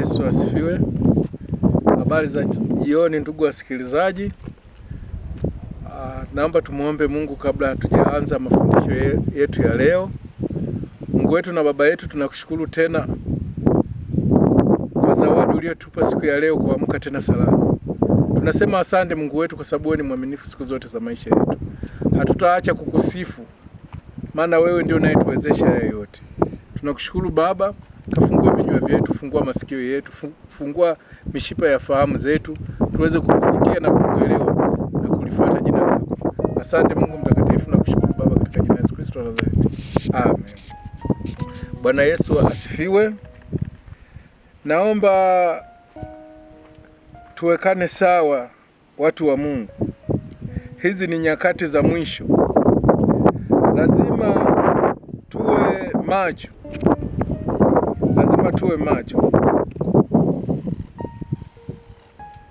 Yesu asifiwe. Habari za jioni, ndugu wasikilizaji. Ah, naomba tumwombe Mungu kabla hatujaanza mafundisho yetu ya leo. Mungu wetu na Baba yetu, tunakushukuru tena kwa zawadi uliyotupa siku ya leo, kuamka tena salama. Tunasema asante Mungu wetu, kwa sababu wewe ni mwaminifu siku zote za maisha yetu. Hatutaacha kukusifu, maana wewe ndio unayetuwezesha yote. Tunakushukuru Baba, kafungue vinywa vyetu, fungua masikio yetu, fungua mishipa ya fahamu zetu, tuweze kusikia na kuelewa na kulifuata jina lako. Asante Mungu mtakatifu na kushukuru Baba, katika jina la Yesu Kristo Nazareti, amen. Bwana Yesu asifiwe. Naomba tuwekane sawa, watu wa Mungu. Hizi ni nyakati za mwisho, lazima tuwe macho lazima tuwe macho,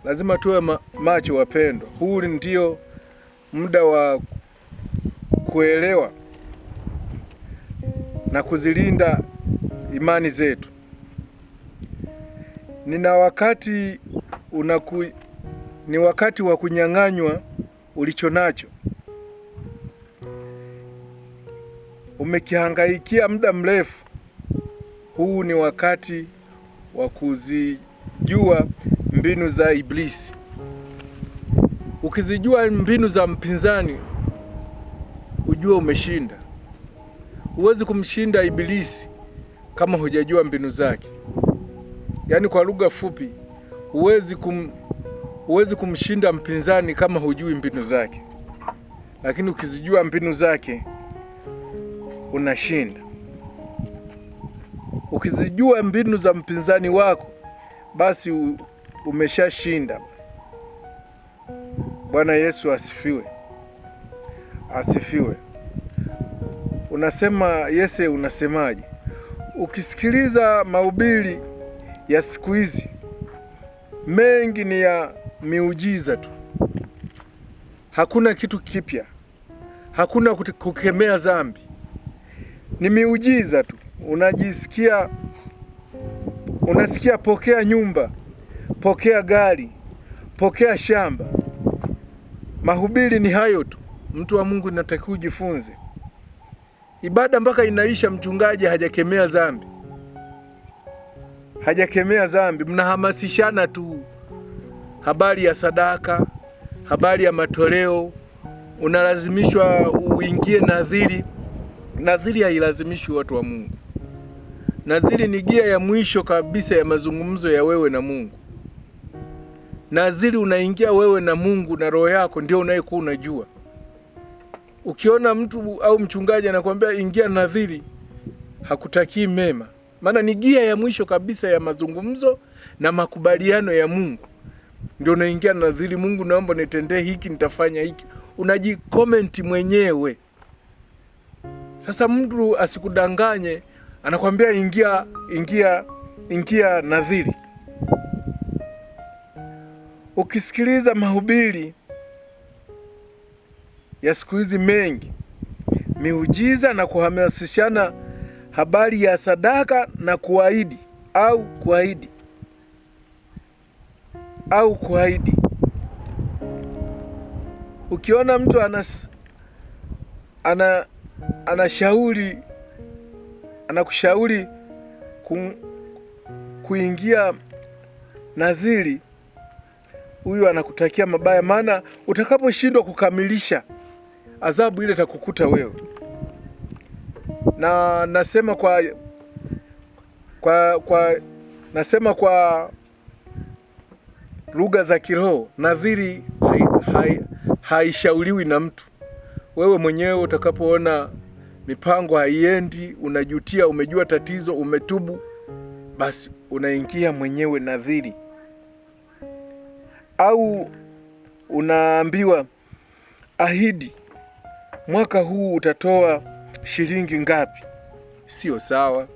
lazima tuwe ma macho wapendwa. Huu ndio muda wa kuelewa na kuzilinda imani zetu. Nina wakati unaku, ni wakati wa kunyang'anywa ulicho nacho. Umekihangaikia muda mrefu huu ni wakati wa kuzijua mbinu za Iblisi. Ukizijua mbinu za mpinzani, ujue umeshinda. Huwezi kumshinda iblisi kama hujajua mbinu zake. Yaani kwa lugha fupi, huwezi kum, huwezi kumshinda mpinzani kama hujui mbinu zake, lakini ukizijua mbinu zake unashinda. Ukizijua mbinu za mpinzani wako, basi umeshashinda. Bwana Yesu asifiwe, asifiwe. Unasema Yese, unasemaje? Ukisikiliza mahubiri ya siku hizi mengi ni ya miujiza tu, hakuna kitu kipya, hakuna kukemea dhambi, ni miujiza tu unajisikia unasikia, pokea nyumba, pokea gari, pokea shamba. Mahubiri ni hayo tu, mtu wa Mungu inatakiwa ujifunze ibada mpaka inaisha. Mchungaji hajakemea dhambi, hajakemea dhambi, mnahamasishana tu habari ya sadaka, habari ya matoleo. Unalazimishwa uingie nadhiri. Nadhiri hailazimishi watu wa Mungu na zili ni gia ya mwisho kabisa ya mazungumzo ya wewe na Mungu. Naziri unaingia wewe na Mungu na roho yako ndio unayekuwa unajua. Ukiona mtu au mchungaji anakuambia ingia nadhiri, hakutakii mema, maana ni gia ya mwisho kabisa ya mazungumzo na makubaliano ya Mungu. Ndio unaingia nadhiri, Mungu naomba nitendee hiki, nitafanya hiki, unajikomenti mwenyewe. Sasa mtu asikudanganye anakwambia ingia, ingia, ingia nadhiri. Ukisikiliza mahubiri ya siku hizi mengi, miujiza na kuhamasishana habari ya sadaka na kuahidi au kuahidi au kuahidi. Ukiona mtu anas, ana anashauri anakushauri ku, kuingia nadhiri, huyu anakutakia mabaya, maana utakaposhindwa kukamilisha adhabu ile takukuta wewe. Na nasema kwa, kwa, kwa nasema kwa lugha za kiroho, nadhiri haishauriwi hai, hai na mtu. Wewe mwenyewe utakapoona mipango haiendi, unajutia, umejua tatizo, umetubu, basi unaingia mwenyewe nadhiri, au unaambiwa ahidi, mwaka huu utatoa shilingi ngapi? Sio sawa,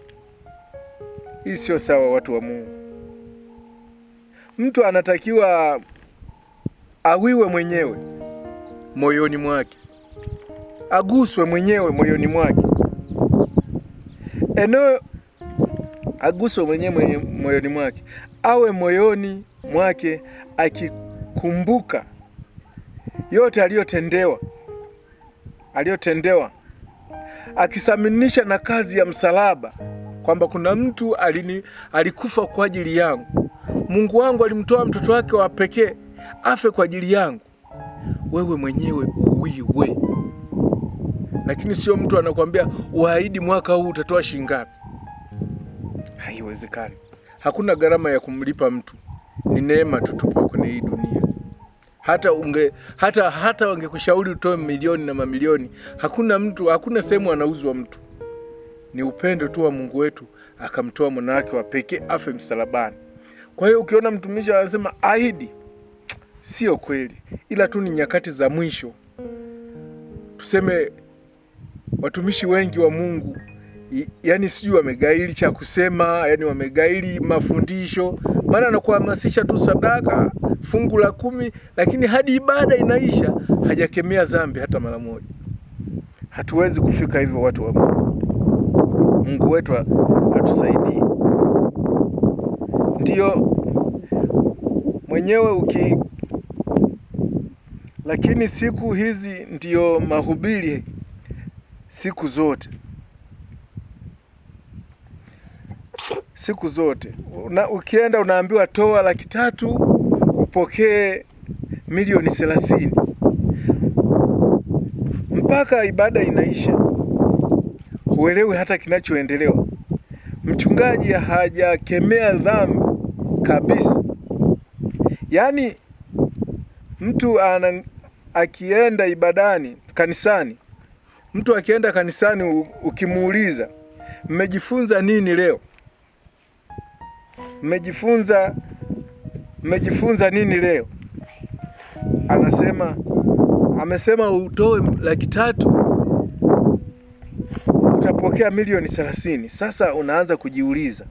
hii sio sawa, watu wa Mungu. Mtu anatakiwa awiwe mwenyewe moyoni mwake aguswe mwenyewe moyoni mwake, eneo aguswe mwenyewe moyoni mwake, awe moyoni mwake akikumbuka yote aliyotendewa aliyotendewa, akisaminisha na kazi ya msalaba kwamba kuna mtu alini, alikufa kwa ajili yangu. Mungu wangu alimtoa mtoto wake wa pekee afe kwa ajili yangu. Wewe mwenyewe uwiwe lakini sio mtu anakuambia uahidi mwaka huu utatoa shilingi ngapi. Haiwezekani. Hakuna gharama ya kumlipa mtu, ni neema tu tupo kwenye hii dunia. Hata unge hata hata wangekushauri utoe milioni na mamilioni, hakuna mtu, hakuna sehemu anauzwa mtu. Ni upendo tu wa Mungu wetu akamtoa mwanawake wa pekee afe msalabani. Kwa hiyo ukiona mtumishi anasema ahidi, sio kweli, ila tu ni nyakati za mwisho tuseme watumishi wengi wa Mungu yani sijui wamegaili cha kusema, yani wamegaili mafundisho, maana anakuhamasisha tu sadaka, fungu la kumi, lakini hadi ibada inaisha hajakemea dhambi hata mara moja. Hatuwezi kufika hivyo watu wa Mungu. Mungu wetu atusaidie. ndio mwenyewe uki, lakini siku hizi ndiyo mahubiri siku zote siku zote una, ukienda unaambiwa toa laki tatu upokee milioni thelathini mpaka ibada inaisha, huelewi hata kinachoendelewa. Mchungaji hajakemea dhambi kabisa. Yaani mtu ana, akienda ibadani kanisani Mtu akienda kanisani ukimuuliza mmejifunza nini leo, mmejifunza mmejifunza nini leo, anasema amesema utoe laki tatu utapokea milioni thelathini. Sasa unaanza kujiuliza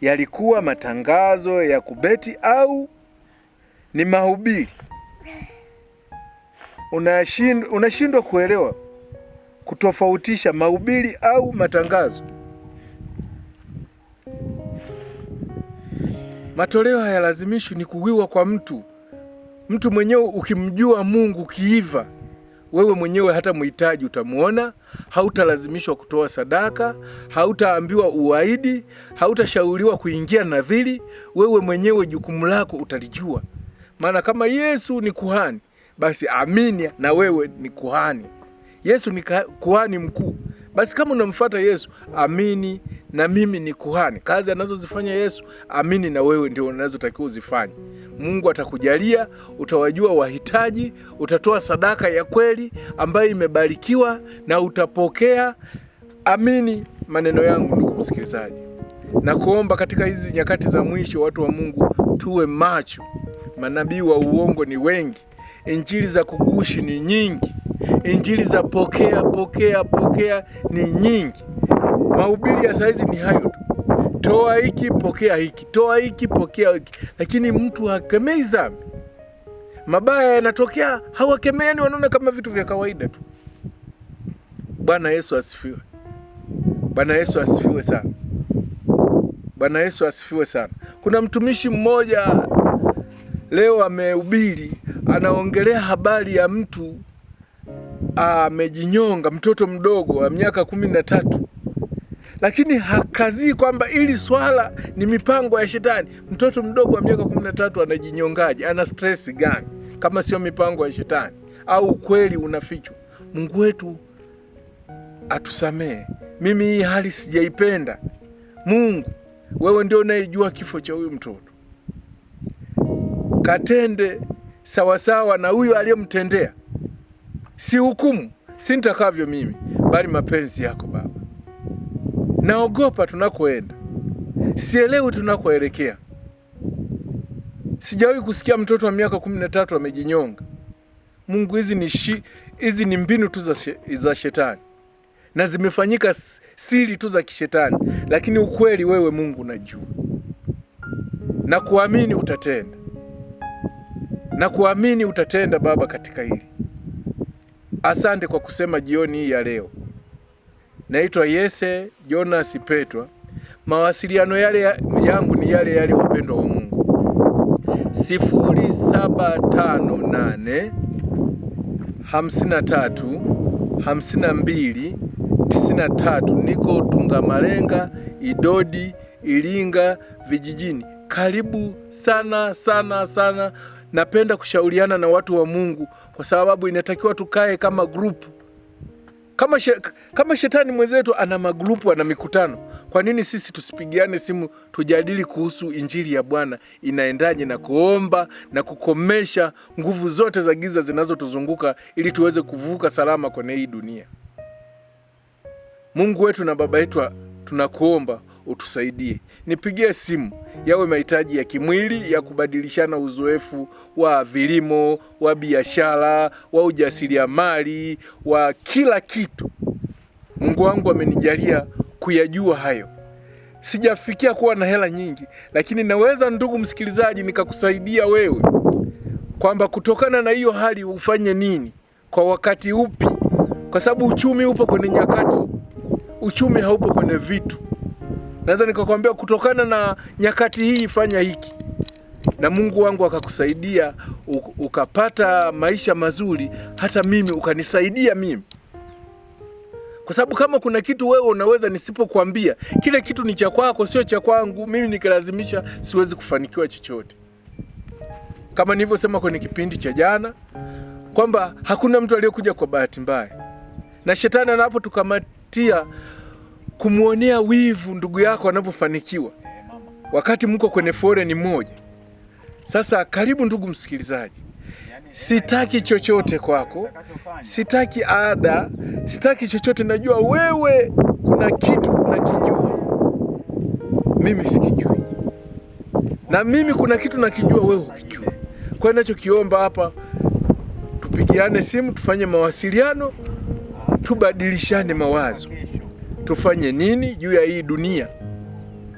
yalikuwa matangazo ya kubeti au ni mahubiri? Unashindwa kuelewa kutofautisha mahubiri au matangazo. Matoleo hayalazimishwi, ni kuwiwa kwa mtu. Mtu mwenyewe ukimjua Mungu kiiva wewe mwenyewe hata mhitaji utamwona. Hautalazimishwa kutoa sadaka, hautaambiwa uwaidi, hautashauriwa kuingia nadhiri. Wewe mwenyewe jukumu lako utalijua, maana kama Yesu ni kuhani, basi amini na wewe ni kuhani. Yesu ni kuhani mkuu. Basi kama unamfuata Yesu, amini na mimi ni kuhani. Kazi anazozifanya Yesu, amini na wewe ndio unazotakiwa uzifanye. Mungu atakujalia, utawajua wahitaji, utatoa sadaka ya kweli ambayo imebarikiwa na utapokea. Amini maneno yangu, ndugu msikilizaji, na kuomba katika hizi nyakati za mwisho, watu wa Mungu tuwe macho. Manabii wa uongo ni wengi, injili za kugushi ni nyingi injili za pokea pokea pokea ni nyingi. Mahubiri ya saizi ni hayo tu, toa hiki pokea hiki, toa hiki pokea hiki, lakini mtu hakemei dhambi. Mabaya yanatokea hawakemei, yani wanaona kama vitu vya kawaida tu. Bwana Yesu asifiwe. Bwana Yesu asifiwe sana. Bwana Yesu asifiwe sana. Kuna mtumishi mmoja leo amehubiri, anaongelea habari ya mtu amejinyonga, mtoto mdogo wa miaka kumi na tatu, lakini hakazii kwamba ili swala ni mipango ya Shetani. Mtoto mdogo wa miaka kumi na tatu anajinyongaje? Ana stress gani kama sio mipango ya Shetani? Au ukweli unafichwa? Mungu wetu atusamehe. Mimi hii hali sijaipenda. Mungu wewe ndio unayejua kifo cha huyu mtoto, katende sawasawa na huyo aliyemtendea si hukumu, si nitakavyo mimi, bali mapenzi yako Baba. Naogopa tunakoenda, sielewi tunakoelekea. Sijawahi kusikia mtoto wa miaka kumi na tatu amejinyonga. Mungu, hizi ni shi, hizi ni mbinu tu za, za shetani na zimefanyika siri tu za kishetani, lakini ukweli wewe Mungu unajua, na kuamini utatenda, na kuamini utatenda Baba katika hili. Asante kwa kusema jioni hii ya leo. Naitwa Yese Jonas Petwa. Mawasiliano yale ya, yangu ni yale yale, upendo wa Mungu. 0758 53 52 93. Niko Tungamalenga, Idodi, Ilinga vijijini. Karibu sana sana sana napenda kushauriana na watu wa Mungu kwa sababu inatakiwa tukae kama grupu. Kama, she, kama shetani mwenzetu ana magrupu, ana mikutano, kwa nini sisi tusipigiane simu tujadili kuhusu injili ya Bwana inaendaje na kuomba na kukomesha nguvu zote za giza zinazotuzunguka ili tuweze kuvuka salama kwenye hii dunia. Mungu wetu na Baba yetu, tunakuomba utusaidie. Nipigie simu, yawe mahitaji ya kimwili, ya kubadilishana uzoefu wa vilimo, wa biashara, wa ujasiriamali, wa kila kitu. Mungu wangu amenijalia kuyajua hayo. Sijafikia kuwa na hela nyingi, lakini naweza, ndugu msikilizaji, nikakusaidia wewe kwamba kutokana na hiyo hali ufanye nini kwa wakati upi, kwa sababu uchumi upo kwenye nyakati, uchumi haupo kwenye vitu naweza nikakwambia kutokana na nyakati hii fanya hiki, na Mungu wangu akakusaidia ukapata maisha mazuri, hata mimi ukanisaidia mimi, kwa sababu kama kuna kitu wewe unaweza nisipokuambia, kile kitu ni cha kwako, sio cha kwangu. Mimi nikilazimisha, siwezi kufanikiwa chochote, kama nilivyosema kwenye kipindi cha jana kwamba hakuna mtu aliyekuja kwa bahati mbaya, na shetani anapotukamatia kumwonea wivu ndugu yako anapofanikiwa wakati mko kwenye foreni moja. Sasa karibu ndugu msikilizaji, sitaki chochote kwako, sitaki ada, sitaki chochote. Najua wewe kuna kitu unakijua mimi sikijui, na mimi kuna kitu nakijua wewe hukijui. Kwa hiyo nachokiomba hapa, tupigiane simu, tufanye mawasiliano, tubadilishane mawazo tufanye nini juu ya hii dunia,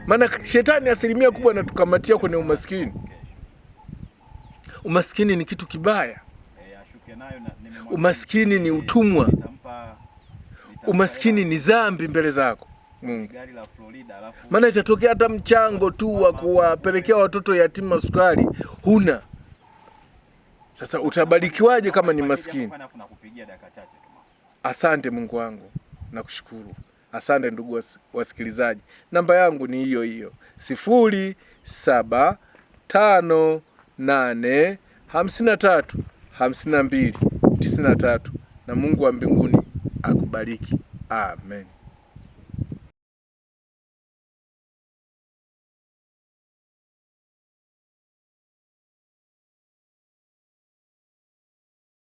maana shetani asilimia kubwa anatukamatia kwenye umaskini. Umaskini ni kitu kibaya, umaskini ni utumwa, umaskini ni dhambi mbele zako Mungu, maana itatokea hata mchango tu wa kuwapelekea watoto yatima sukari huna. Sasa utabarikiwaje kama ni maskini? Asante Mungu wangu, nakushukuru. Asante ndugu wasikilizaji, namba yangu ni hiyo hiyo sifuri saba tano nane hamsini na tatu hamsini na mbili tisini na tatu na Mungu wa mbinguni akubariki. Amen.